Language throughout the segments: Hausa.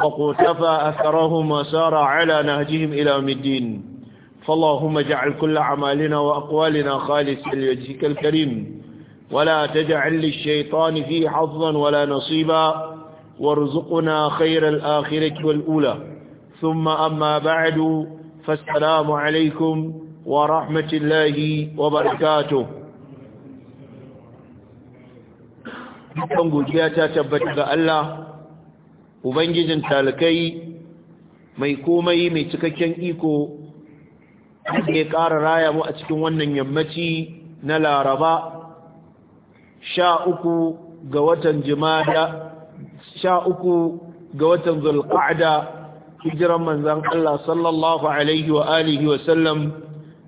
وقتفى أثرهم وسار على نهجهم إلى مدين فاللهم اجعل كل عمالنا وأقوالنا خالصا لوجهك الكريم ولا تجعل للشيطان فيه حظا ولا نصيبا وارزقنا خير الآخرة والأولى ثم أما بعد فالسلام عليكم ورحمة الله وبركاته Dukkan gujiya ta tabbata ga Allah ubangijin talakai mai komai mai cikakken iko da ƙara raya mu a cikin wannan yammaci na laraba sha uku ga watan jimada sha uku ga watan hijiran manzan Allah sallallahu alaihi wa alihi wa sallam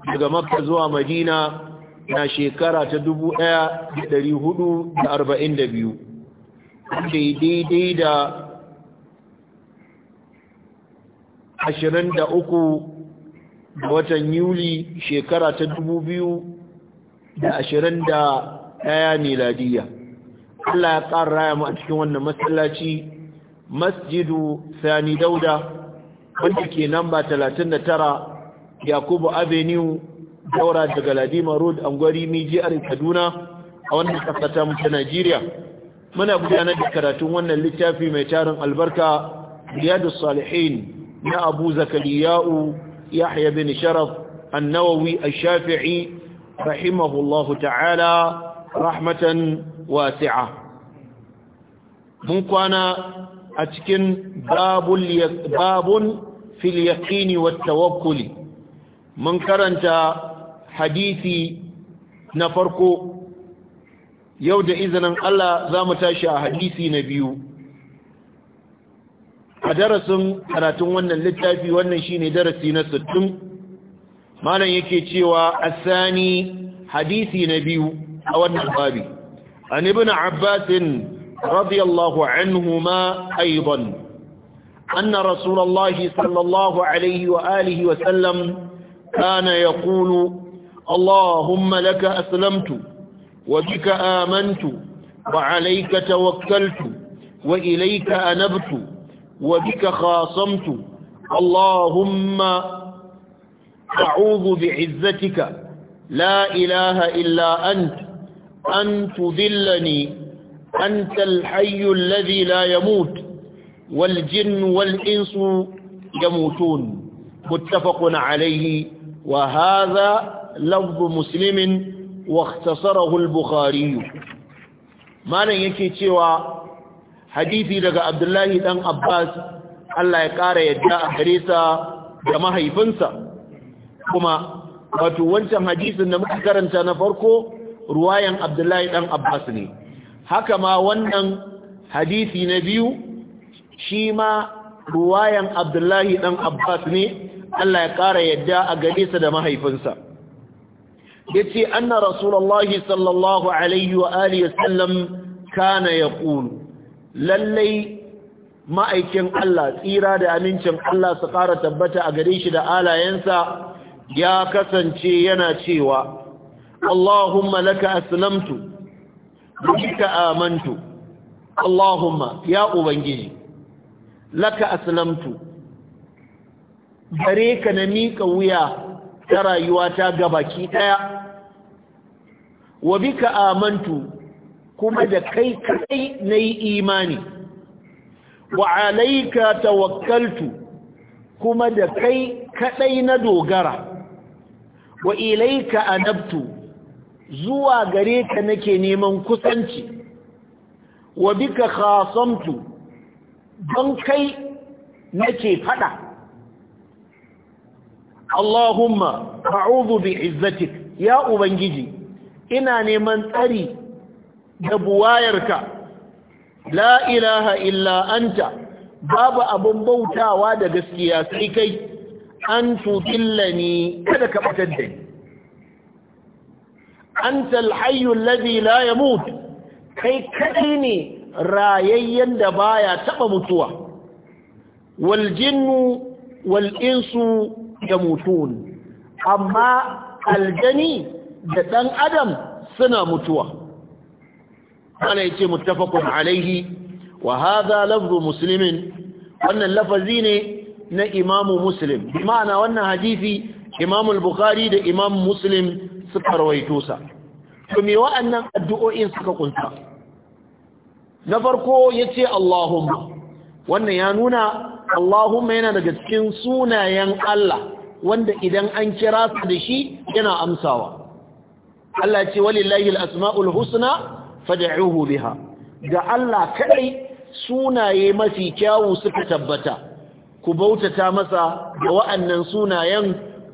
daga makka zuwa madina na shekara ta dubu ɗaya da da da arba'in da biyu. daidai da ashirin da uku da watan yuli shekara ta dubu biyu da ashirin da ɗaya miladiya Allah ya ƙara raya mu a cikin wannan masallaci masjidu sani dauda wanda ke namba talatin da tara yakubu avenue daura daga ladima road angwari a kaduna a wannan ƙasa ta najeriya muna gudanar da karatun wannan littafi mai tarin albarka riyadu salihin na abu zakariya'u yahya bin sharaf annawawi ash-shafi'i rahimahullahu ta'ala rahmatan wasi'a mun kwana a cikin babun fil yaqini wat tawakkuli mun karanta hadisi na farko yau da izinin Allah za mu tashi a hadisi na biyu a darasin karatun wannan littafi wannan shine darasi na 60 malam yake cewa asani hadisi na biyu a wannan babi an ibn abbas radiyallahu anhuma aidan anna rasulullahi sallallahu alaihi wa alihi wa sallam kana yaqulu allahumma laka aslamtu wa bika amantu wa alayka tawakkaltu wa ilayka anabtu وبك خاصمت اللهم أعوذ بعزتك لا إله إلا أنت أن تذلني أنت الحي الذي لا يموت والجن والإنس يموتون متفق عليه وهذا لفظ مسلم واختصره البخاري ما لن يكي تيوى hadisi daga abdullahi dan abbas Allah ya ƙara yadda a gare sa da mahaifinsa kuma wato wancan hadisin da muka karanta na farko ruwayan abdullahi dan abbas ne haka ma wannan hadisi na biyu shi ma ruwayan abdullahi dan abbas ne Allah ya ƙara yadda a gare sa da mahaifinsa yace anna rasulullahi sallallahu alaihi wa alihi wasallam kana yaqulu lallai ma'aikin Allah tsira da amincin Allah su ƙara tabbata a gare shi da alayensa ya kasance yana cewa Allahumma laka aslamtu bika amantu Allahumma ya ubangiji laka aslamtu gare ka na miƙa wuya ta rayuwa rayuwata gabaki ɗaya wa bika amantu kuma da kai kai na yi imani wa alaika tawakkaltu kuma da kai kadai na dogara wa ilaika anabtu zuwa gare ka nake neman kusanci wa bika khasamtu don kai nake fada Allahumma a'udhu bi'izzatik ya ubangiji ina neman tsari da buwayarka la ilaha illa anta babu abun bautawa da gaskiya sai kai an ni kada ka batar da ni anta alhayyu alladhi la yamut kai kadai ne rayayyen da baya taɓa mutuwa wal jinnu wal insu yamutun amma aljani da ɗan adam suna mutuwa ana yace muttafaqun alaihi wa haza lafzu muslimin wannan lafazi ne na Imam Muslim ma'ana wannan hadisi Imam al-Bukhari da Imam Muslim suka rawaito sa to me wa'annan addu'o'in suka kunsa na farko yace Allahumma wannan ya nuna Allahumma yana daga cikin sunayen Allah wanda idan an kira sa da shi yana amsawa Allah ce walillahi al-asma'ul husna fada'uhu biha ga Allah kadai sunaye mafi kyawu suka tabbata ku bautata masa da wa'annan sunayen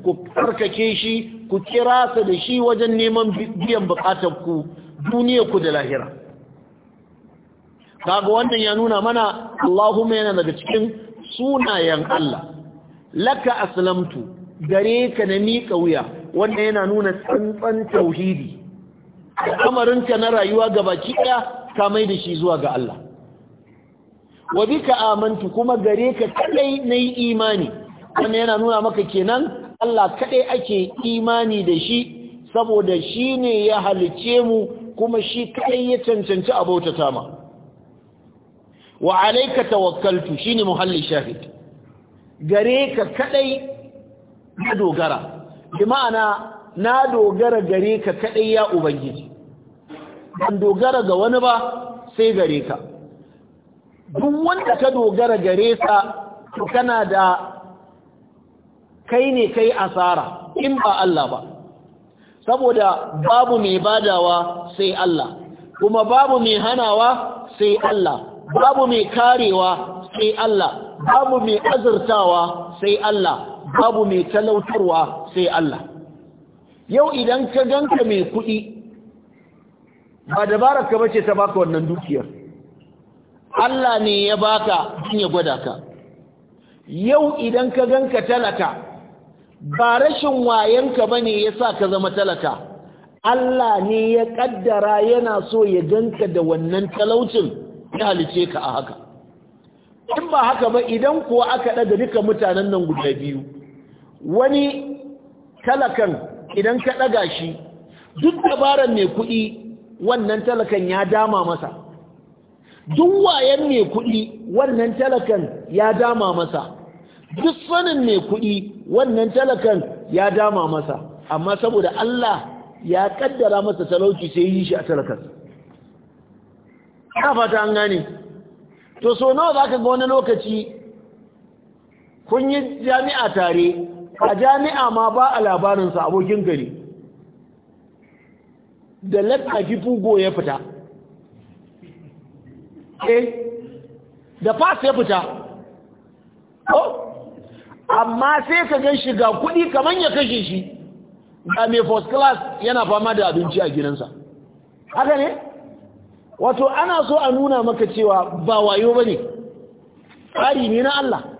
ku farkake shi ku kira sa da shi wajen neman biyan bukatar ku duniya ku da lahira kaga wannan ya nuna mana Allahumma yana daga cikin sunayen Allah laka aslamtu gare ka na miƙa wuya wannan yana nuna tsantsan tauhidi al'amarinka na rayuwa ga baki ɗaya ka mai da shi zuwa ga Allah wa bika amantu kuma gare ka kadai nayi imani wannan yana nuna maka kenan Allah kadai ake imani da shi saboda shi ne ya halice mu kuma shi kadai ya cancanci abautata ma wa alayka tawakkaltu shine muhalli shahid gare ka kadai na dogara bi ma'ana na dogara gare ka kaɗai ya ubangiji ban dogara ga wani ba sai gare ka duk wanda ka dogara gare sa to kana da kai ne kai asara in ba Allah ba saboda babu mai badawa sai Allah kuma babu mai hanawa sai Allah babu mai karewa sai Allah babu mai azurtawa sai Allah babu mai talautarwa sai Allah yau idan ka ganka mai kuɗi ba dabarar ka bace ta baka wannan dukiyar Allah ne ya baka din ya gwada ka yau idan ka ganka talaka ba rashin wayanka bane yasa ka zama talaka Allah ne ya kaddara yana so ya ganka da wannan talaucin ya halice ka a haka in ba haka ba idan kuwa aka ɗaga duka mutanen nan guda biyu wani talakan idan ka ɗaga shi duk dabarar mai kuɗi wannan talakan ya dama masa duk wayan mai kuɗi wannan talakan ya dama masa duk sanin mai kuɗi wannan talakan ya dama masa amma saboda Allah ya ƙaddara masa talauci sai yi shi a talakan ya fata an gane to so nawa za ka ga wani lokaci kun yi jami'a tare a jami'a ma ba a labarinsa abokin gari da lakafi fugo ya fita eh da fas ya fita amma sai ka gan shiga kuɗi kamar ya kashe shi ga mai first class yana fama da abinci a gidansa haka ne wato ana so a nuna maka cewa ba wayo ba ne Ƙari ne na Allah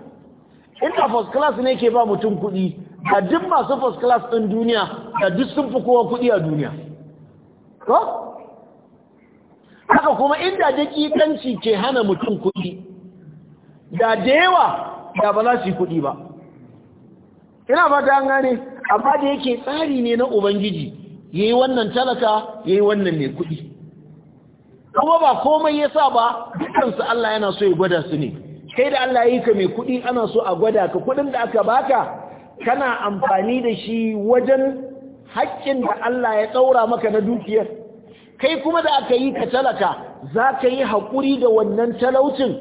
inda first class ne ke ba mutum kuɗi da duk masu first class ɗin duniya da duk sun fi kowa kuɗi a duniya ko haka kuma inda dakikanci ke hana mutum kuɗi da da yawa da ba za su yi kuɗi ba ina ba ta gane amma da yake tsari ne na ubangiji ya yi wannan talaka ya yi wannan ne kuɗi kuma ba komai ya sa ba dukansu Allah yana so ya gwada su ne kai da Allah yi ka mai kuɗi ana so a gwada ka kuɗin da aka baka kana amfani da shi wajen haƙƙin da Allah ya tsaura maka na dukiyar kai kuma da aka yi ka talaka za ka yi haƙuri da wannan talaucin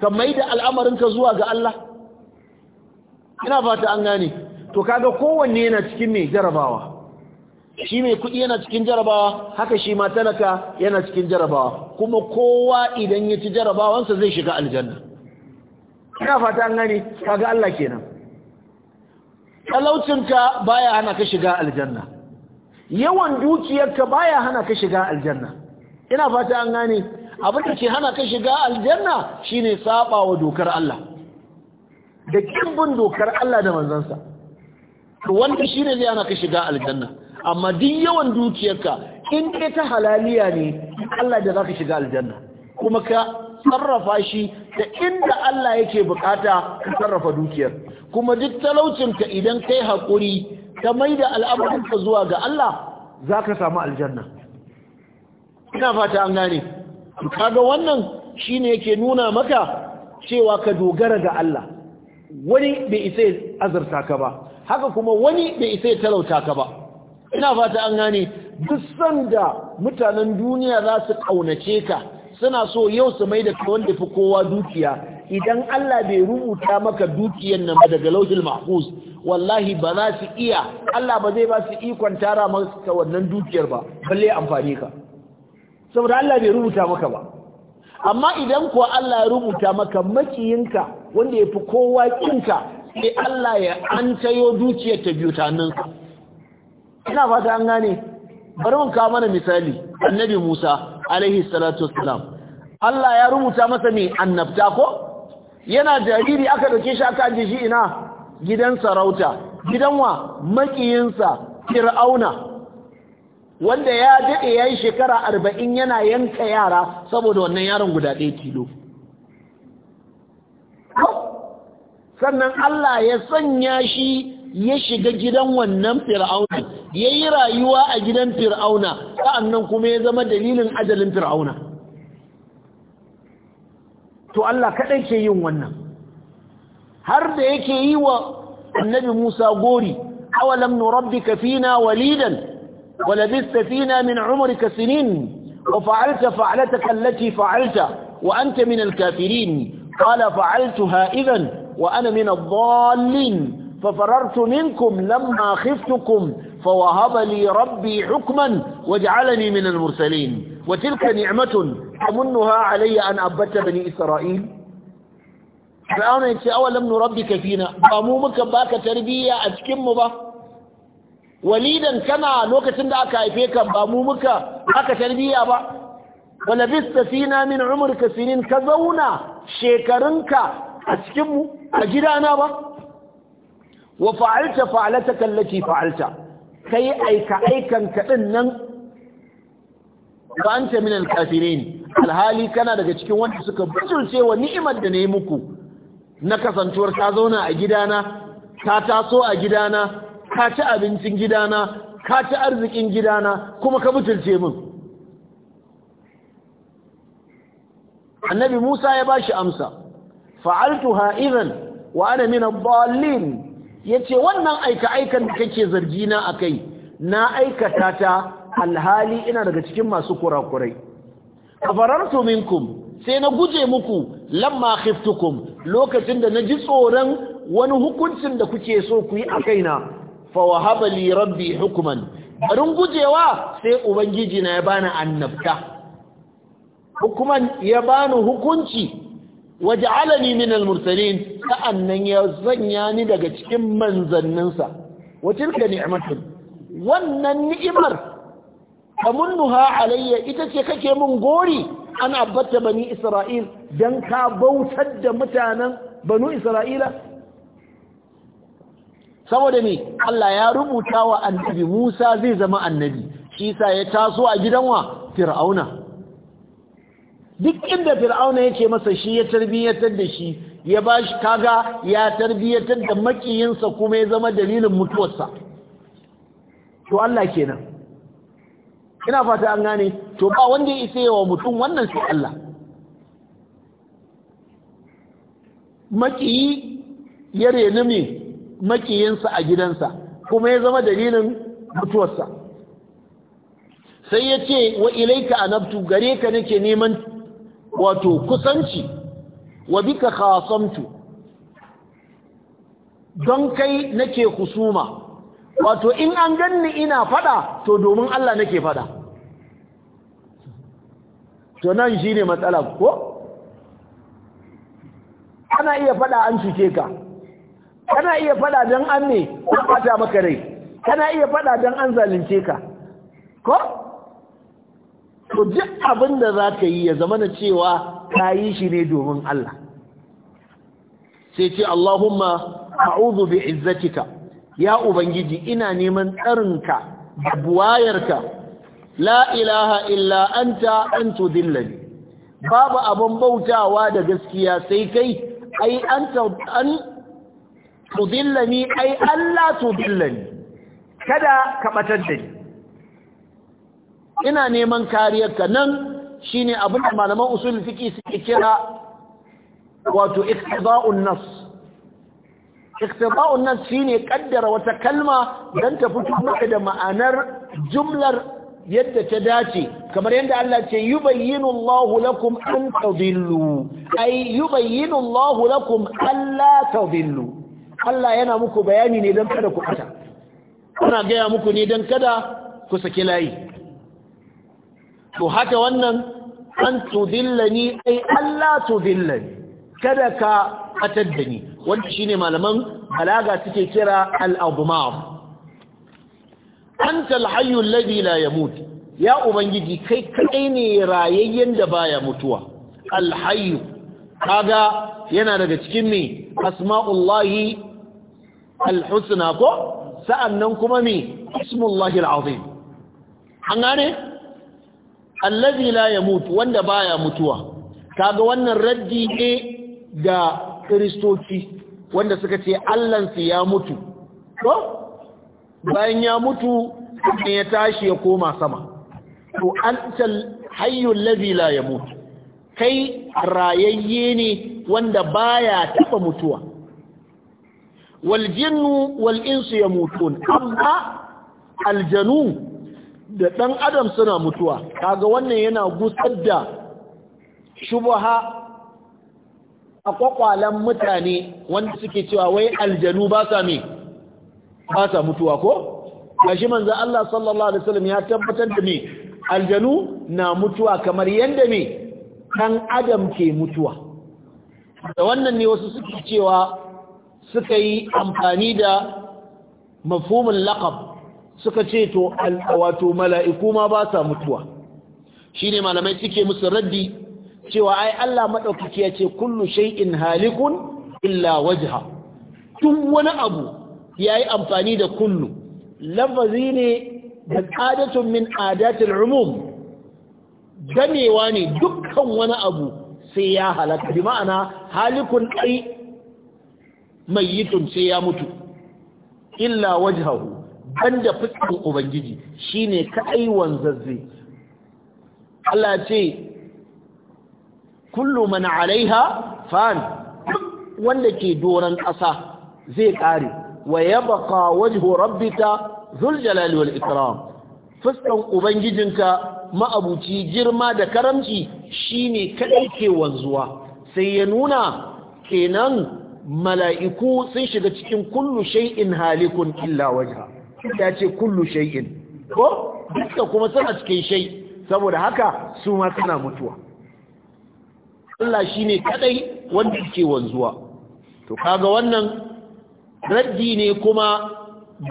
ka mai da al'amarinka zuwa ga Allah ina fata an gane to kaga kowanne yana cikin mai jarabawa shi mai kuɗi yana cikin jarabawa haka shi ma talaka yana cikin jarabawa kuma kowa idan ya ci jarabawansa zai shiga aljanna ina fata an gane kaga Allah kenan talaucinka baya hana ka shiga aljanna yawan dukiyarka baya hana ka shiga aljanna ina fata an gane abin da ke hana ka shiga aljanna shine saba wa dokar Allah da bin dokar Allah da manzansa to wanda shine zai hana ka shiga aljanna amma duk yawan dukiyarka in ta halaliya ne Allah da zaka shiga aljanna kuma ka sarrafa shi da inda Allah yake bukata ka sarrafa dukiyar kuma duk talaucinka idan kai haƙuri ta mai da al'amuranka zuwa ga Allah za ka samu aljanna ina fata an gane kaga wannan shine yake nuna maka cewa ka dogara ga Allah wani bai isa azurta ka ba haka kuma wani bai isa talauta ka ba ina fata an gane duk sanda mutanen duniya za su kaunace ka suna so yau su mai da wanda fi kowa dukiya idan Allah bai rubuta maka dukiyar nan ba daga lauhil mahfuz wallahi ba za su iya Allah ba zai ba su ikon tara maka wannan dukiyar ba balle amfani ka saboda Allah bai rubuta maka ba amma idan kuwa Allah ya rubuta maka makiyinka wanda ya fi kowa kinka sai Allah ya an tayo dukiyar ta biyu ta ina fata an gane bari mun kawo mana misali annabi Musa alaihi salatu wassalam Allah ya rubuta masa mai annabta ko yana jariri aka dauke shi aka aje shi ina gidan sarauta gidan wa makiyinsa fir'auna wanda ya dade yayi shekara 40 yana yanka yara saboda wannan yaron guda ɗaya tilo sannan Allah ya sanya shi ya shiga gidan wannan fir'auna ya yi rayuwa a gidan fir'auna sa'annan kuma ya zama dalilin ajalin fir'auna to Allah kaɗai ke yin wannan har da yake yi wa annabi Musa gori awalam rabbi kafina walidan walabista fina min umrika sinin wa fa'alta fa'alataka allati fa'alta wa anta min al-kafirin fa'altu ha'izan wa ana min ad-dallin ففررت منكم لما خفتكم فوهب لي ربي حكما وجعلني من المرسلين وتلك نعمة تمنها علي أن أبت بني إسرائيل فأنا فرعون أولا من نربك فينا بامومك باك تربية أتكم به وليدا كما لوكة عندك أيفيك بامومك باك تربية به ولبست فينا من عمرك سنين كذونا شكرنك أتكم أنا به wa fa'alta fa'alata allati fa'alta kai aika aikan ka nan ba anta min al-kafirin alhali kana daga cikin wanda suka bujulce wa ni'imar da na yi muku na kasantuwar ka zauna a gidana ka taso a gidana ka ci abincin gidana ka ci arzikin gidana kuma ka mutulce min annabi Musa ya bashi amsa Fa'altu ha'izan wa ana min ya ce wannan aika-aikan da kake zargi na a kai na aikata ta alhali ina daga cikin masu kurakurai kafarartu minkum sai na guje muku lamma khiftukum lokacin da na ji tsoron wani hukuncin da kuke so ku yi a kaina fa wahaba li rabbi hukman barin gujewa sai ubangiji na ya bani annabta hukuman ya bani hukunci waj'alani min al-mursalin sa'annan ya zanya ni daga cikin manzanninsa wa tilka ni'matun wannan ni'imar kamunnuha alayya ita ce kake mun gori an abbata bani isra'il dan ka bautar da mutanen banu isra'ila saboda ni Allah ya rubuta wa annabi Musa zai zama annabi shi sa ya taso a gidan wa fir'auna duk inda fir'auna ya ce masa shi ya tarbiyyatar da shi ya ba shi kaga ya tarbiyyatar da makiyinsa kuma ya zama dalilin mutuwarsa to Allah kenan ina fata an gane to ba wanda ya isa yawa mutum wannan sai Allah makiyi ya reni mai makiyinsa a gidansa kuma ya zama dalilin mutuwarsa sai ya ce wa ilaika anabtu gare ka nake neman wato kusanci wa bika khasamtu don kai nake husuma wato in an ganni ina fada to domin Allah nake fada to nan shine matsala ko ana iya fada an cike ka kana iya fada dan an ne bata maka rai kana iya fada dan an zalunce ka ko to duk abin da za ka yi ya zama na cewa ka yi shi ne domin Allah sai ce Allahumma a'udhu bi izzatika ya ubangiji ina neman tsarinka da buwayarka la ilaha illa anta an tudillani babu abin bautawa da gaskiya sai kai ai anta an tudillani ai Allah tudillani kada ka batar da ni ina neman kariyarka nan shine abin da malaman usul fiqi suke kira wato iqtida'un nas iqtida'un nas shine kaddara wata kalma don ta fito maka da ma'anar jumlar yadda ta dace kamar yadda Allah ce yubayyinu Allahu lakum an tadillu ay yubayyinu Allahu lakum alla tadillu Allah yana muku bayani ne don kada ku ɓata, ana gaya muku ne dan kada ku saki layi to haka wannan an tudillani ai Allah tudillani kada ka atar da ni wanda shine malaman balaga suke kira al-admar anta al-hayy alladhi la yamut ya ubangiji kai kai ne rayayyen da baya mutuwa al-hayy kaga yana daga cikin me asma'ullahi al-husna ko sa'annan kuma me ismullahi al-azim an gane allazi la yamut wanda baya mutuwa kaga wannan raddi ne ga kristoci wanda suka ce allansu ya mutu to bayan ya mutu ne ya tashi ya koma sama to antal hayyul ladhi la yamut kai rayayye ne wanda baya taba mutuwa wal jinnu wal insu yamutun amma aljanu da ɗan adam suna mutuwa kaga wannan yana gusar da shubaha a kwakwalen mutane wanda suke cewa wai aljanu ba sa me ba sa mutuwa ko gashi manzan Allah sallallahu alaihi wasallam ya tabbatar da me aljanu na mutuwa kamar yadda me ɗan adam ke mutuwa da wannan ne wasu suke cewa suka yi amfani da mafumin lakab suka ce to wato mala'iku ma ba sa mutuwa shine malamai suke musu raddi cewa ai Allah madaukaki ya ce kullu shay'in halikun illa wajha tun wani abu yayi amfani da kullu lafazi ne da adatun min adatil umum gamewa ne dukkan wani abu sai ya halaka bi ma'ana halikun ai mayyitun sai ya mutu illa wajhahu banda fuskin ubangiji shine kai wanzazze Allah ce kullu man alaiha fan wanda ke doran ƙasa zai ƙare wa yabqa wajhu rabbika zul jalali wal ikram fuskan ubangijinka ma'abuci girma da karamci shine kaɗai ke wanzuwa sai ya nuna kenan mala'iku sun shiga cikin kullu shay'in halikun illa wajha ya ce kullu shay'in ko duka kuma suna cikin shay saboda haka su ma suna mutuwa Allah shine kadai wanda yake wanzuwa to kaga wannan raddi ne kuma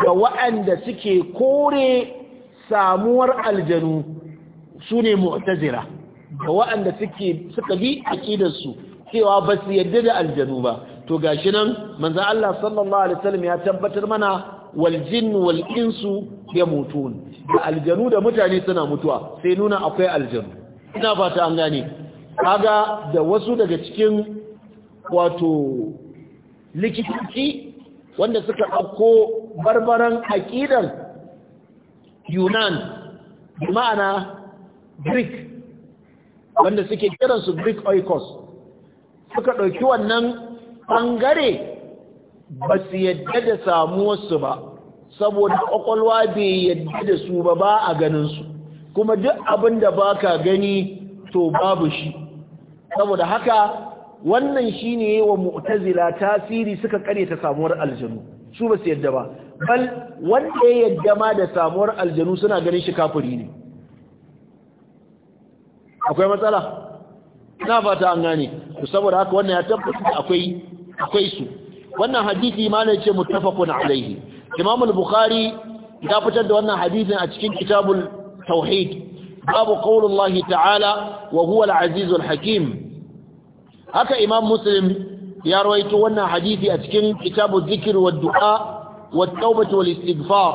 ga waɗanda suke kore samuwar aljanu su ne mu'tazira ga waɗanda suke suka bi su cewa ba su yadda da aljanu ba to gashi nan manzo Allah sallallahu alaihi wasallam ya tabbatar mana Waljin wal'insu ya mutu. Da aljanu da mutane suna mutuwa sai nuna akwai aljanu ina fata an gane kaga da wasu daga cikin wato likitoci wanda suka ɗauko barbaran aƙidar yunan ma'ana greek wanda suke kiransu greek oikos suka ɗauki wannan ɓangare ba su yadda da samuwarsu ba saboda kwakwalwa bai yadda da su ba ba a ganinsu kuma duk abin da ba ka gani to babu shi saboda haka wannan shi ne wa mu'tazila tasiri suka kare ta samuwar aljanu su ba su yadda ba bal wanda ya yadda ma da samuwar aljanu suna ganin shi kafiri ne akwai matsala na fata an gane saboda haka wannan ya tabbata akwai akwai su wannan hadisi malai ce muttafaqun alaihi imam al-bukhari ya fitar da wannan hadisin a cikin kitabul tauhid babu qaulullahi ta'ala wa huwa al-azizul hakim haka imam muslim ya rawaito wannan hadisi a cikin kitabu zikr wa du'a wa tawbah wal istighfar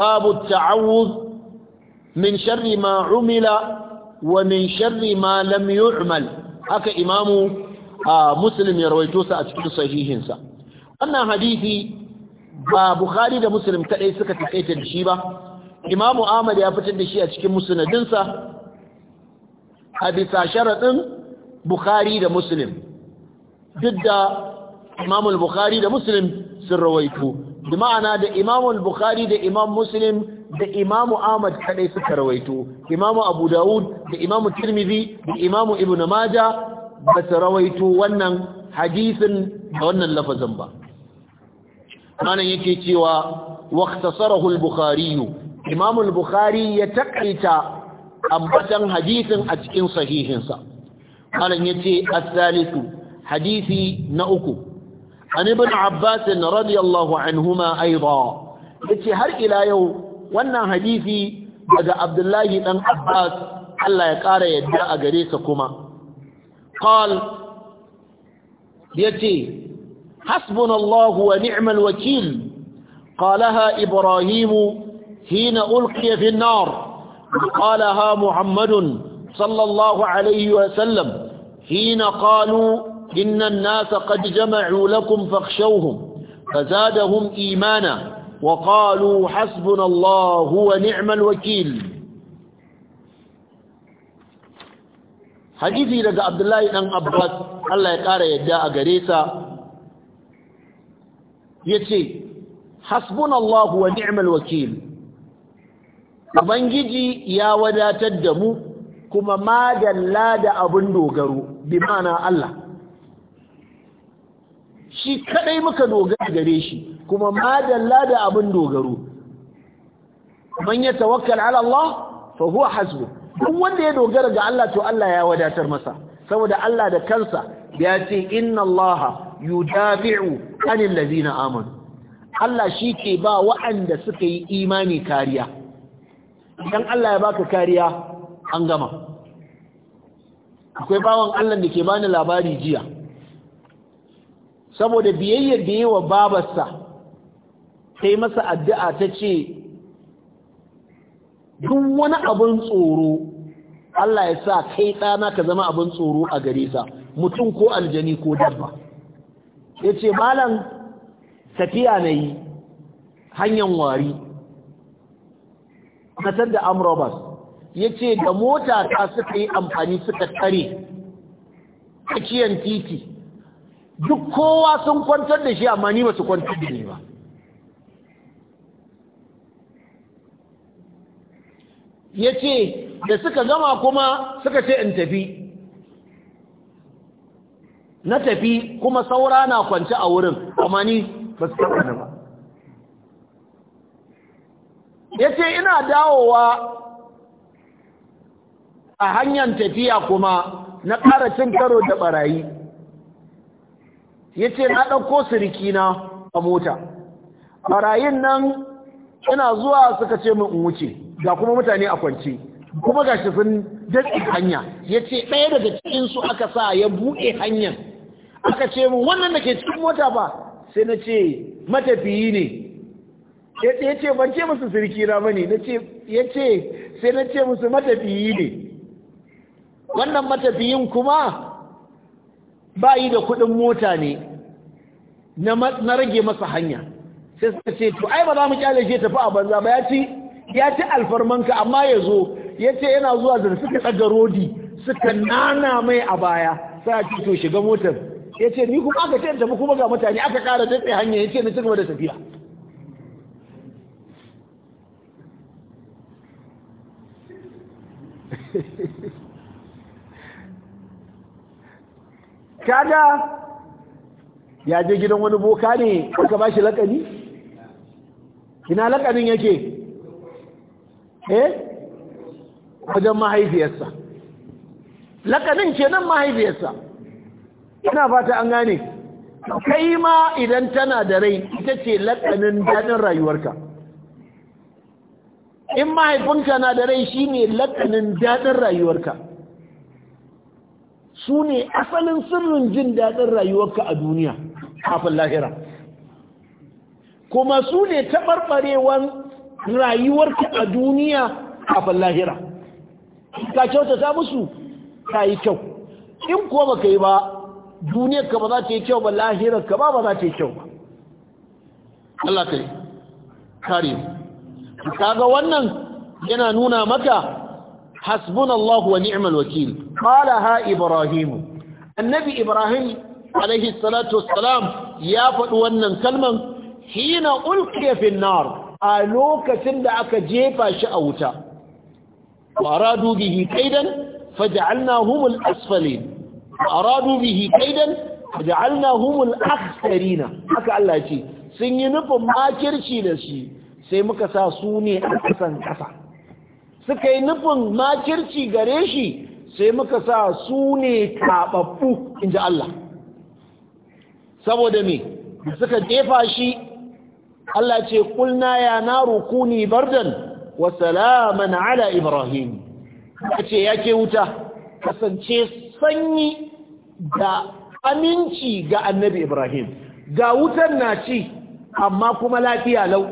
babu at-ta'awuz min sharri ma umila wa min sharri ma lam yu'mal haka imamu ah, muslim ya rawaito sa a cikin sahihinsa wannan hadisi ba bukhari da muslim kadai suka takaita da shi ba imamu ahmad ya fitar da shi a cikin musnadinsa a bisa sharaɗin bukhari da muslim duk da imamu bukhari da muslim sun rawaito da ma'ana da imamu bukhari da imam muslim da imamu ahmad kadai suka rawaito imamu abu dawud da imamu tirmidhi da imamu ibnu maja ba su rawaito wannan hadisin da wannan lafazin ba manan yake cewa waqtasarahu al-bukhari imam al-bukhari ya takaita ambatan hadisin a cikin sahihinsa manan yace as-salisu hadisi na uku an ibn abbas radiyallahu anhuma aidan yace har ila yau wannan hadisi daga abdullahi dan abbas Allah ya kara yadda a gare sa kuma qal yace حسبنا الله ونعم الوكيل قالها إبراهيم حين ألقي في النار قالها محمد صلى الله عليه وسلم حين قالوا إن الناس قد جمعوا لكم فاخشوهم فزادهم إيمانا وقالوا حسبنا الله ونعم الوكيل حديثي لك عبد الله بن عباس الله kara yadda قريسا yace hasbunallahu wa ni'mal wakil ubangiji ya wadatar da mu kuma madalla da abun dogaro bi mana Allah shi kadai muka dogara gare shi kuma madalla da abun dogaro man ya tawakkal ala Allah fa huwa hasbu duk wanda ya dogara ga Allah to Allah ya wadatar masa saboda Allah da kansa ya ce inna Allah yudabi'u anil ladina amanu Allah shi ke ba wa'anda suka yi imani kariya idan Allah ya baka kariya an gama akwai bawan Allah da ke bani labari jiya saboda biyayyar da yi wa babarsa ta yi masa addu'a ta ce duk wani abin tsoro Allah ya sa kai ɗana ka zama abin tsoro a gare sa mutum ko aljani ko dabba ya ce malam tafiya na yi hanyar wari kasar da Amroba ya ce da mota ta suka yi amfani suka tare kiyan titi duk kowa sun kwantar da shi amma ni ba su kwantar da ba ya ce da suka gama kuma suka ce in tafi na tafi kuma saura na kwanci a wurin amma ni ba su taɓa ba ya ina dawowa a hanyar tafiya kuma na ƙara cin karo da barayi. yace ce na ɗauko na a mota barayin nan ina zuwa suka ce min wuce ga kuma mutane a kwance kuma ga shi sun dace hanya ya ɗaya daga cikinsu aka sa ya buɗe hanyar aka ce mu wannan da ke cikin mota ba sai na ce matafiyi ne ya ce ban ce musu sirki na bane ya ce sai na ce musu matafiyi ne wannan matafiyin kuma ba yi da kudin mota ne na rage masa hanya sai suka ce to ai ba za mu kyale shi tafi a banza ba ya ci ya ci alfarmanka amma ya zo ya ce yana zuwa da suka tsaga rodi suka nana mai a baya sai a ce to shiga motar ya ce ni kuma aka ce tafi kuma ga mutane aka kara tafi hanya ya ce ni cigaba da tafiya kaga ya je gidan wani boka ne aka ba shi lakani ina lakanin yake eh wajen mahaifiyarsa lakanin ke nan mahaifiyarsa ina fata an gane kai ma idan tana da rai ita ce lakanin daɗin rayuwarka in mahaifinka na da rai shi ne lakanin daɗin rayuwarka su ne asalin sirrin jin daɗin rayuwarka a duniya kafin lahira kuma su ne taɓarɓarewan rayuwarka a duniya kafin lahira ka kyauta ta musu ka yi kyau in kuwa ba ka yi ba duniyar ka ba za ta yi kyau ba lahirar ka ba ba za ta yi kyau ba Allah kai kare mu kaga wannan yana nuna maka hasbunallahu wa ni'mal wakil qala ha ibrahim annabi ibrahim alaihi salatu wassalam ya faɗi wannan kalman hina ulqiya fi nar a lokacin da aka jefa shi a wuta wa radu bihi kaidan faj'alnahum al-asfalin aradu bihi kaidan ja'alnahum al-akhsarina haka Allah ce sun yi nufin makirci da shi sai muka sa su ne a kasan kasa suka yi nufin makirci gare shi sai muka sa su ne inji Allah saboda me suka jefa shi Allah ce kulna ya naru kuni bardan wa salaman ala ibrahim ce yake wuta kasance sanyi da aminci ga annabi Ibrahim ga wutan na ci amma kuma lafiya lau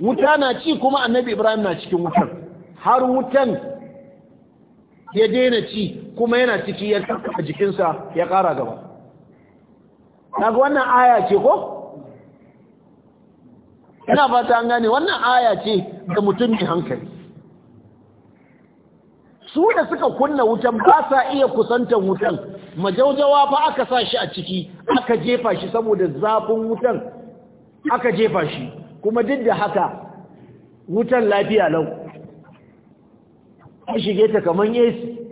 wuta na ci kuma annabi Ibrahim na cikin wutan har wutan ya daina ci kuma yana ciki ya a jikinsa ya ƙara gaba daga wannan aya ce ko? ina fata an gane wannan aya ce da mutum mai hankali su da suka kunna wutan ba sa iya kusantar wutan majaujawa fa aka sa shi a ciki aka jefa shi saboda zafin wutan aka jefa shi kuma duk da haka wutan lafiya lau an shige ta kaman yesu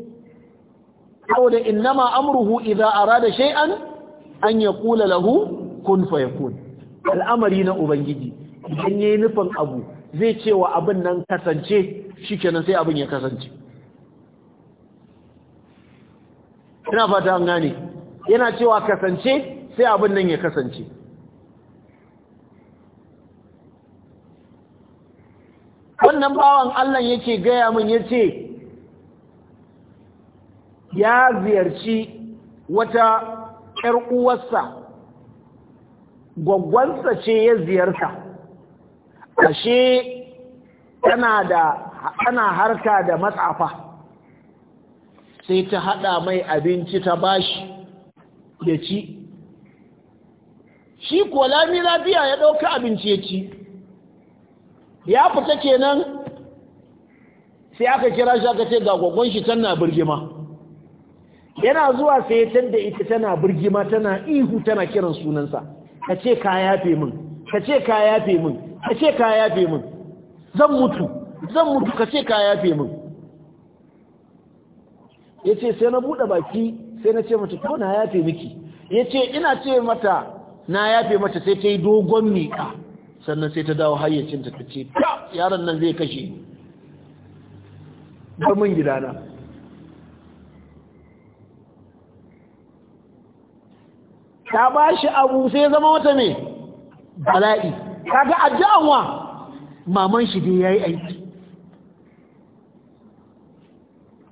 saboda innama amruhu idza arada shay'an an yaqula lahu kun fayakun al'amari na ubangiji idan yayi nufin abu zai cewa abin nan kasance shikenan sai abin ya kasance ina fata an gane yana cewa kasance sai abin nan ya kasance wannan bawan Allah yake gaya min yace ya ziyarci wata 'yar uwarsa gwaggwansa ce ya ziyarta ashe tana ana harka da matsafa sai ta haɗa mai abinci ta bashi ya ci shi kuwa lami lafiya ya ɗauka abinci ya ci ya fita kenan sai aka kira shi aka ce ga gwaggon shi tana birgima yana zuwa sai ya da ita tana birgima tana ihu tana kiran sunansa ka ce ka yafe min ka ce ka yafe min ka ce ka yafe min zan mutu zan mutu ka ce ka yafe min ya ce sai na buɗe baki sai na ce mata ko na yafe miki ya ce ina ce mata na yafe mata sai ta yi dogon miƙa sannan sai ta dawo hayyacinta ta ce yaron nan zai kashe domin gidana ta ba shi abu sai zama wata ne bala'i kaga addu'anwa maman shi dai ya yi aiki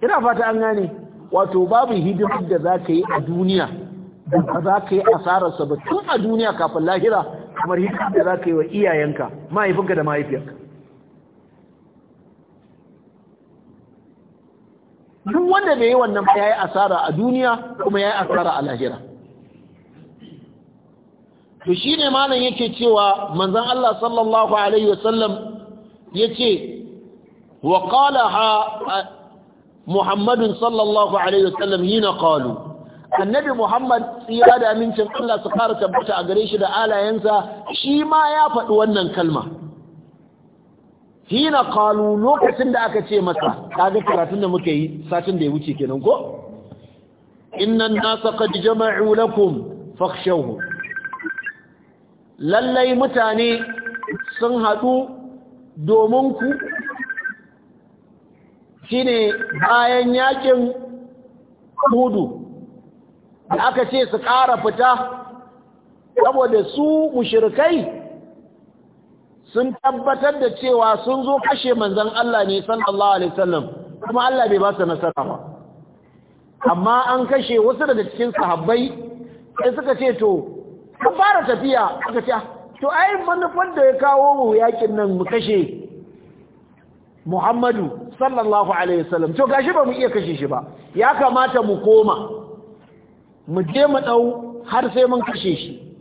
ina fata an gane wato babu hidimar da za ka yi a duniya ba za ka yi asararsa ba tun a duniya kafin lahira kamar hidimar da za ka yi wa iyayenka mahaifinka da mahaifiyarka duk wanda bai yi wannan ba ya yi asara a duniya kuma ya yi asara a lahira to shi ne malam yake cewa manzan Allah sallallahu Alaihi wasallam ya ce wa ƙala ha muhammadun sallallahu alaihi wasallam hina qalu annabi muhammad tsira da amincin Allah su kara tabbata a gare shi da alayensa shi ma ya faɗi wannan kalma hina qalu lokacin da aka ce masa kaga karatun da muke yi satin da ya wuce kenan ko innan nasa qad jama'u lakum fakhshawhu lallai mutane sun haɗu domin ku shine bayan yakin hudu da aka ce su ƙara fita saboda su mushirikai sun tabbatar da cewa sun zo kashe manzan Allah ne sallallahu alaihi wasallam kuma Allah bai ba su nasara ba amma an kashe wasu daga cikin sahabbai sai suka ce to sun fara tafiya aka ce ah, to ai manufar da ya kawo mu yakin nan mu kashe Muhammadu sallallahu alaihi wasallam to gashi ba mu iya kashe shi ba ya kamata mu koma mu je mu dau har sai mun kashe shi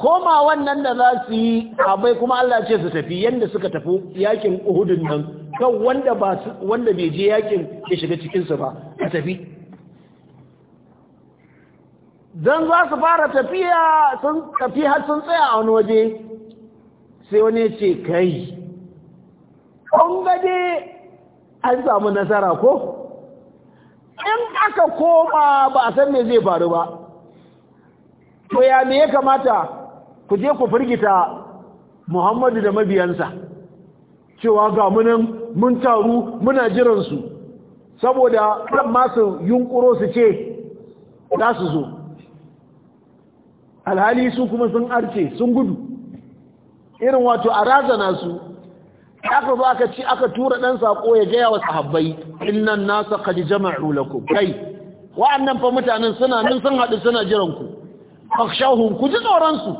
koma wannan da za su yi abai kuma Allah ce su tafi yanda suka tafi yakin Uhudun nan kan wanda ba wanda bai je yakin ya shiga cikin su ba a tafi dan za su fara tafiya sun tafi har sun tsaya a wani waje sai wani ya ce kai kun gaje an samu nasara ko in aka koma ba a san me zai faru ba to ya me ya kamata ku je ku firgita muhammadu da mabiyansa cewa ga munan mun taru muna jiransu saboda ɗan masu yunkuro su ce za su zo alhali su kuma sun arce sun gudu irin wato a razana su aka zo aka ci aka tura ɗan sako ya gaya wa sahabbai innan nasa qad jama'u lakum kai wa'annan fa mutanen suna nan sun hadu suna jiran ku fakhshawhum ku ji tsoron su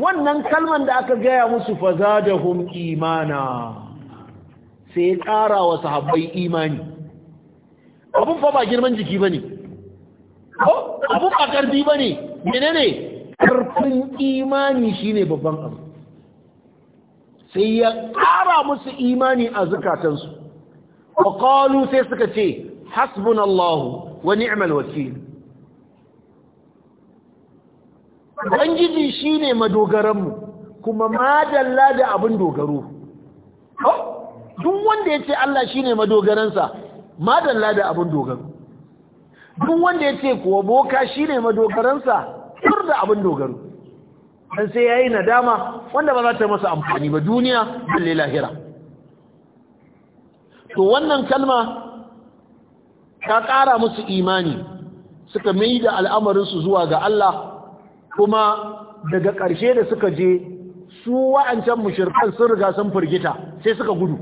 wannan kalman da aka gaya musu fazadahum imana sai ya ƙara wa sahabbai imani abun fa ba girman jiki bane Ko abun ba karfi bane menene karfin imani shine babban abu sai ya ƙara musu imani a zukatansu wa qalu sai suka ce hasbunallahu wa ni'mal wakeel shi ne madogaranmu kuma madalla da abin dogaro duk wanda ya ce Allah shi ne madogaransa madalla da abin dogaro duk wanda ya ce kuwa boka shi ne madogaransa tur da abin dogaro dan sai yayi nadama wanda ba za ta masa amfani ba duniya balle lahira to wannan kalma ta ƙara musu imani suka mai da al'amarin su zuwa ga Allah kuma daga ƙarshe da suka je su wa'ancan mushirkan sun riga sun firgita sai suka gudu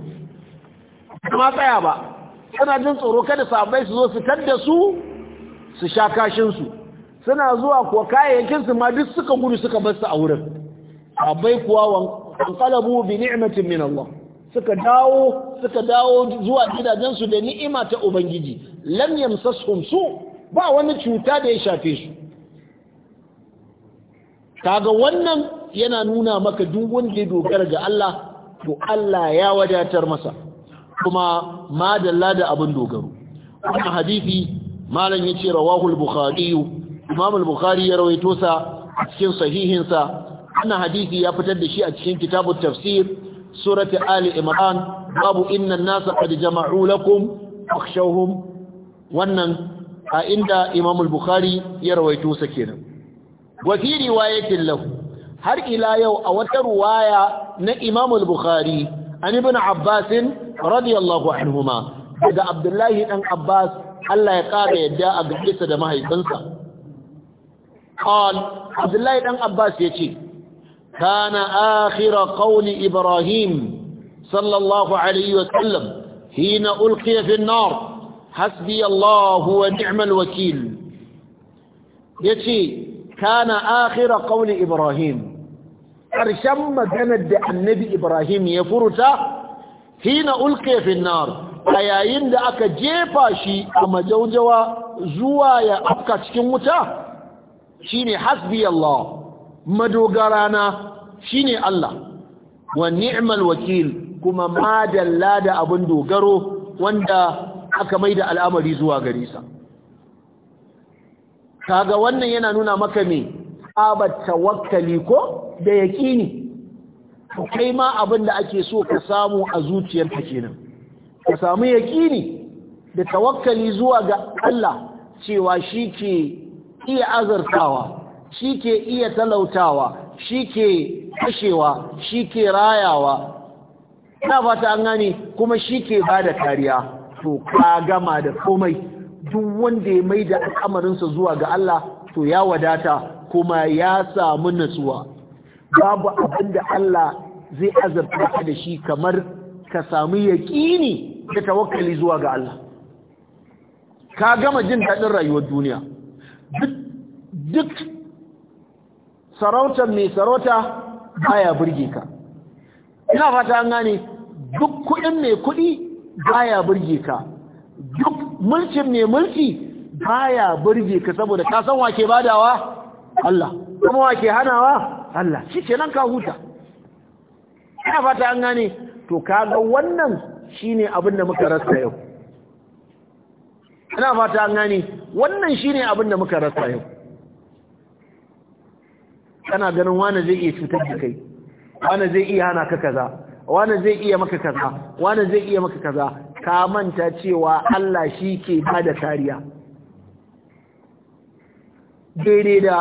kuma tsaya ba suna jin tsoro kada sabai su zo su tadda su su sha kashin su. suna zuwa kuwa kayayyakinsu ma duk suka gudu suka bar su a wurin abai kuwa wanqalabu bi ni'matin min Allah suka dawo suka dawo zuwa gidajensu da ni'ima ta ubangiji lam yamsashum su ba wani cuta da ya shafe su kaga wannan yana nuna maka duk wanda ya dogara ga Allah to Allah ya wadatar masa kuma madalla da abin dogaro wannan hadisi malam yace rawahul bukhari imam al-bukhari ya rawaito sa a cikin sahihinsa ana hadisi ya fitar da shi a cikin kitabun tafsir surati ali imran babu inna an-nasa qad jama'u lakum fakhshawhum wannan a inda imam al-bukhari ya rawaito sa kenan wa fi riwayatin lahu har ila yau a wata riwaya na imam al-bukhari an ibn abbas radiyallahu anhuma daga abdullahi dan abbas Allah ya kara yadda a gaisa da mahaifinsa قال عبد الله بن عباس يتي كان آخر قول إبراهيم صلى الله عليه وسلم حين ألقي في النار حسبي الله ونعم الوكيل يتي كان آخر قول إبراهيم أرشم مجند النبي إبراهيم يفرطه hina ulke finnar a yayin da aka jefa shi a majaujawa zuwa ya afka cikin wuta shine hasbi Allah madogara na shine Allah wa ni'mal wakil kuma ma dalla da abin dogaro wanda aka maida al'amari zuwa gare sa kaga wannan yana nuna maka me abat tawakkali ko da yaqini kai ma abin da ake so ka samu a zuciyarka kenan ka samu yaqini da tawakkali zuwa ga Allah cewa shi ke iya azurtawa shi ke iya talautawa shi ke kashewa shi ke rayawa na fata an gane kuma shi ke ba da kariya to ka gama da komai duk wanda ya mai da alkamarinsa zuwa ga Allah to ya wadata kuma ya samu natsuwa babu abin da Allah zai azurta ka da shi kamar ka samu yaƙini da tawakkali zuwa ga Allah ka gama jin daɗin rayuwar duniya duk sarautar mai sarauta baya burge ka ina fata an gane duk kudin mai kudi baya burge ka duk mulkin mai mulki baya burge ka saboda ka san wake badawa Allah kuma wake hanawa Allah shikenan ka huta ina fata an gane to kaga wannan shine abin da muka rasa yau ina fata an gane wannan shine abin da muka rasa yau kana ganin wani zai iya cutar da kai wani zai iya hana ka kaza wani zai iya maka kaza wani zai iya maka kaza ka manta cewa Allah shi ke bada kariya daidai da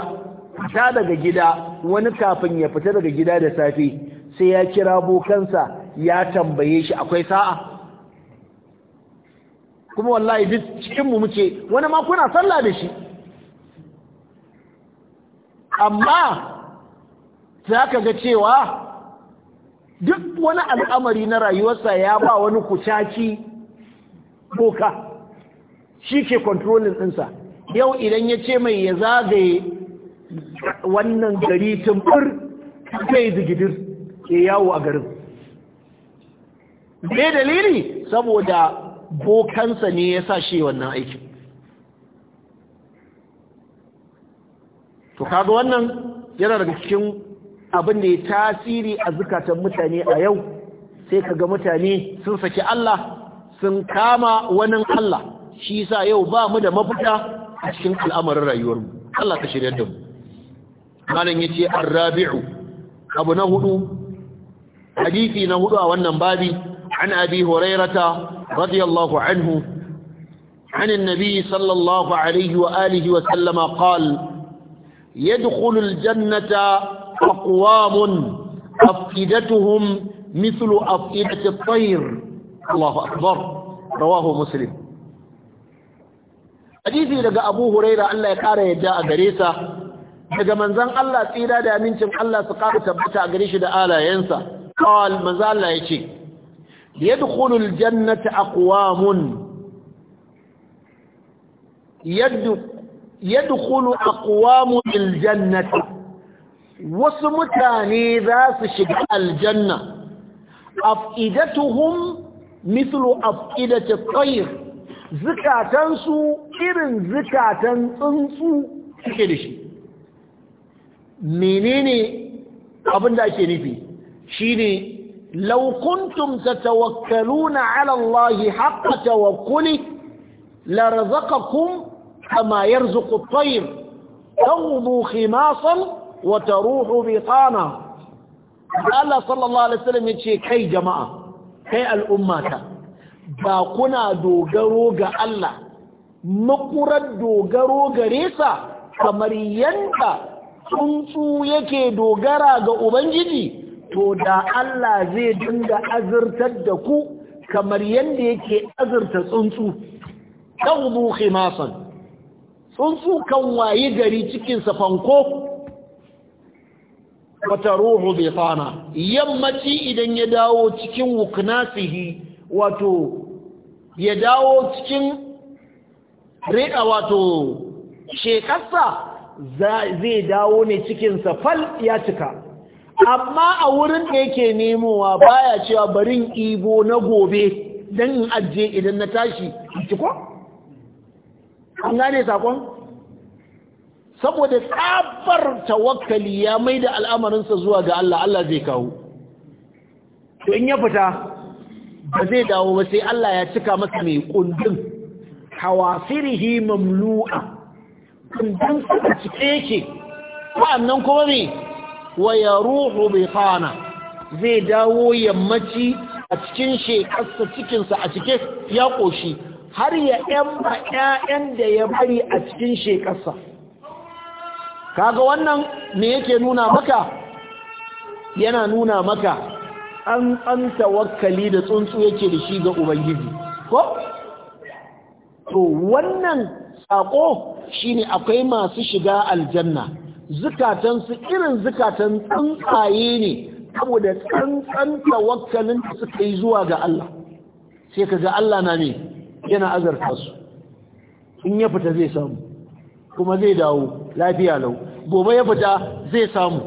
fita daga gida wani kafin ya fita daga gida da safe sai ya kira bokansa ya tambaye shi akwai sa'a kuma wallahi duk cikinmu muke wani ma kuna sallah da shi amma za ka ga cewa duk wani al'amari na rayuwarsa ya ba wani kucaci boka shi ke kontrolin ɗinsa yau idan ya ce mai ya zagaye wannan gari tumfur zai zigidir ya yawo a garin me dalili saboda bokansa ne ya sa shi wannan aikin to kaga wannan yana daga cikin abin da ya tasiri a zukatan mutane a yau sai kaga mutane sun saki Allah sun kama wani Allah shi yasa yau ba mu da mafita a cikin al'amarin rayuwarmu Allah ka shirya da mu malam yace ar-rabi'u abu na hudu hadisi na hudu a wannan babi an abi hurairata رضي الله عنه عن النبي صلى الله عليه وآله وسلم قال يدخل الجنة أقوام أفئدتهم مثل أفئدة الطير الله أكبر رواه مسلم حديثي لقى أبو هريرة أن لا يقار يجاء قريسة daga manzan Allah tsira da amincin Allah su ƙara tabbata a gare shi da alayensa kawal manzan Allah ya ce يدخل الجنة أقوام يد يدخل أقوام الجنة وسمتاني ذاس شجع الجنة أفئدتهم مثل أفئدة الطير زكاتنسو إرن زكاتنسو كدشي منين أبن دا شريفي شيني لو كنتم تتوكلون على الله حق توكله لرزقكم كما يرزق الطير تغضو خماصا وتروح بطانا Allah sallallahu Alaihi wasallam ya ce kai jama'a kai al'ummata ba kuna dogaro ga Allah makurar dogaro gare sa kamar yanda tsuntsu yake dogara ga Ubangiji to da Allah zai dinga azurtar da ku kamar yadda yake azurta tsuntsu tagbu khimasan tsuntsu kan wayi gari cikin fanko wata ruhu fana. yammaci idan ya dawo cikin wuknasihi wato ya dawo cikin reda wato shekarsa zai dawo ne cikin fal ya cika amma a wurin da yake nemowa baya cewa barin ibo na gobe don in ajiye idan na tashi ciko an gane sakon saboda tsabar tawakkali ya mai da al'amarinsa zuwa ga Allah Allah zai kawo to in ya fita ba zai dawo ba sai Allah ya cika masa mai kundin hawasirihi mamlu'a kundin suka cike yake annan kuma ne wa ya ruhu fana zai dawo yammaci a cikin shekarsa cikinsa a cike ya ƙoshi har ya ba ‘ya'yan da ya bari a cikin shekarsa kaga wannan me yake nuna maka yana nuna maka an an tawakkali da tsuntsu yake da shi ga ubangiji ko to wannan sako shine akwai masu shiga aljanna zukatansu irin zukatan tsuntsaye ne saboda tsantsan tawakkalin da suka yi zuwa ga Allah sai ka ga Allah na ne yana azarta su in ya fita zai samu kuma zai dawo lafiya lau gobe ya fita zai samu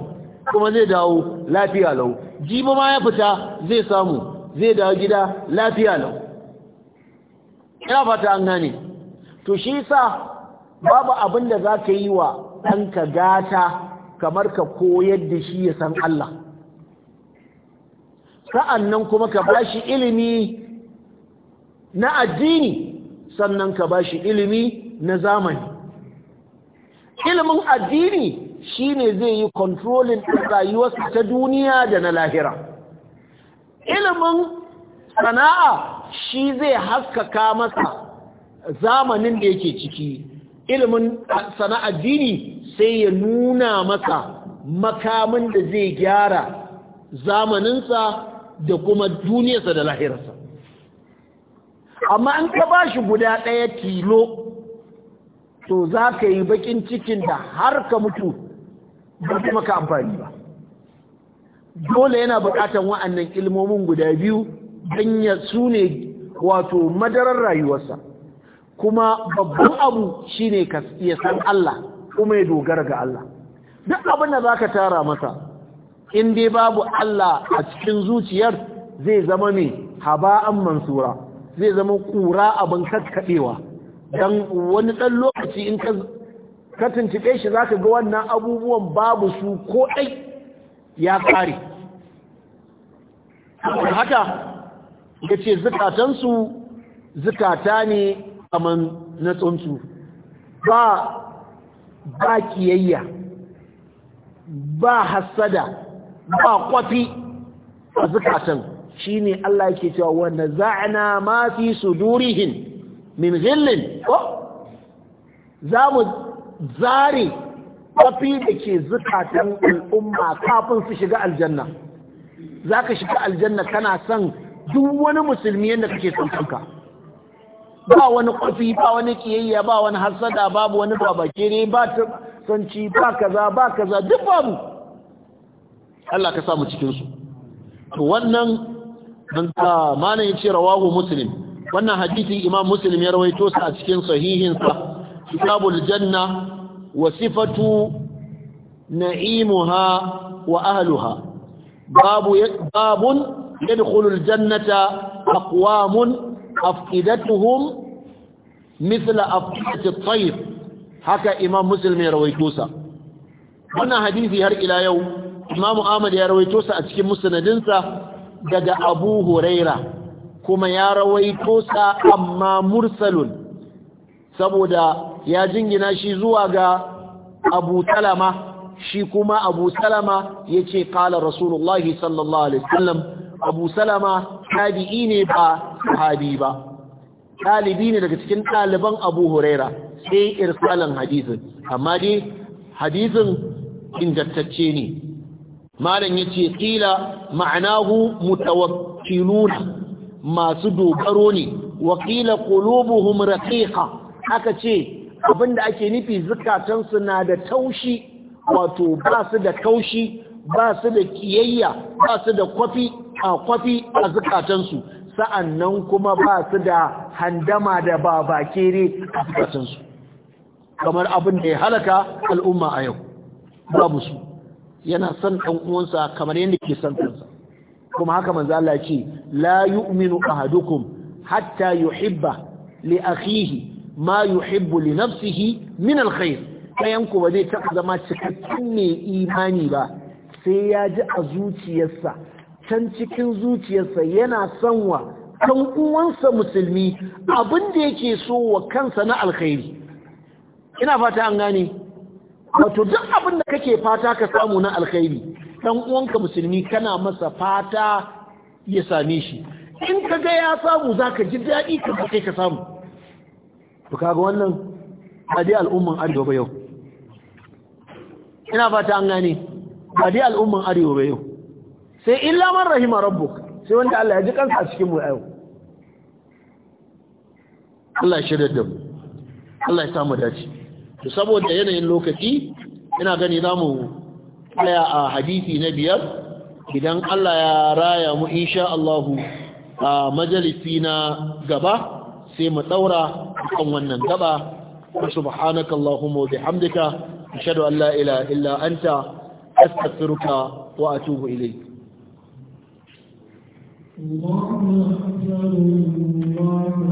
kuma zai dawo lafiya lau jibi ma ya fita zai samu zai dawo gida lafiya lau ina fata an gane to shi sa babu abin da za ka yi wa ɗanka gata kamar ka koyar da shi ya san Allah sa'annan kuma ka ba shi ilimi na addini sannan ka ba shi ilimi na zamani ilimin addini shine zai yi kontrolin rayuwarsa ta duniya da na lahira ilimin sana'a shi zai haskaka masa zamanin da yake ciki ilimin sana'ar addini sai ya nuna maka makamin da zai gyara zamaninsa da kuma duniyarsa da lahirarsa amma an ka ba shi guda ɗaya tilo to za ka yi bakin cikin da har ka mutu ba kuma ka amfani ba dole yana bukatan wa'annan ilmomin guda biyu don ya su wato madarar rayuwarsa kuma babban abu shine ka iya san Allah kuma ya dogara ga Allah duk abin da ka tara masa in dai babu Allah a cikin zuciyar zai zama ne haba'an mansura zai zama kura abin kakkadewa dan wani dan lokaci in ka ka tuntube shi zaka ga wannan abubuwan babu su ko dai ya kare haka yace zukatansu zukata ne kaman na tsuntsu ba ba kiyayya ba hasada ba kwafi a zukatan shine Allah yake cewa wa naza'na ma fi sudurihim min ghillin ko zamu zare kwafi da ke zukatan al'umma kafin su shiga aljanna zaka shiga aljanna kana son duk wani musulmi yanda kake son kanka ba wani kwafi ba wani kiyayya ba wani hasada babu wani babakere ba ta sanci ba kaza ba kaza duk babu Allah ka samu cikin su to wannan dan ta ah, mana yace rawahu muslim wannan hadisi imam muslim ya rawaito sa a cikin sahihin sa kitabul janna wa sifatu na'imuha wa ahliha babu babun yadkhulul jannata aqwamun afqidatuhum misla afqidati tayr haka imam muslim ya rawaito sa wannan hadisi har ila yau imam ahmad ya rawaito sa a cikin sanadinsa daga abu huraira kuma ya rawaito sa amma mursalun saboda ya jingina shi zuwa ga abu salama shi kuma abu salama yace qala rasulullahi sallallahu alaihi wasallam abu salama tabi'i ne ba sahabi ba ɗalibi ne daga cikin ɗaliban abu huraira sai irsalan hadisin amma dai hadisin ingantacce ne malam ya ce ƙila ma'anahu mutawakkiluna masu dogaro ne wakila qulubuhum raqiqa aka ce abinda ake nufi zukatansu na da taushi wato ba su da taushi, ba su da kiyayya ba su da kwafi A kwafi a zukatansu nan kuma ba su da handama da babakere a zukatansu kamar abin da ya halaka al'umma a yau babu su yana son ɗan uwansa kamar yadda ke son kansa kuma haka Manzala ce la yi yu'minu hadukun hatta yuhibba li akhihi ma yuhibbu li nafsihi min alkhair kayan ba zai taɓa zama cikakken mai imani ba sai ya ji a zuciyarsa can cikin zuciyarsa yana son wa kan uwansa musulmi abin da yake so wa kansa na alkhairi ina fata an gane wato duk abin da kake fata ka samu na alkhairi dan uwanka musulmi kana masa fata ya same shi in ka ga ya samu zaka ji daɗi ka kai ka samu to kaga wannan hadi al'umman arewa ba yau ina fata an gane hadi al'umman arewa ba yau sai illa man rahima rabbuk sai wanda Allah ya ji kansa a cikin mu yau Allah ya shirya da mu Allah ya samu dace to saboda yanayin lokaci ina gani zamu tsaya a hadisi na biyar idan Allah ya raya mu insha Allah a majalisi na gaba sai mu daura kan wannan gaba subhanaka allahumma wa bihamdika ashhadu an la ilaha illa anta astaghfiruka wa atubu الله أكبر الله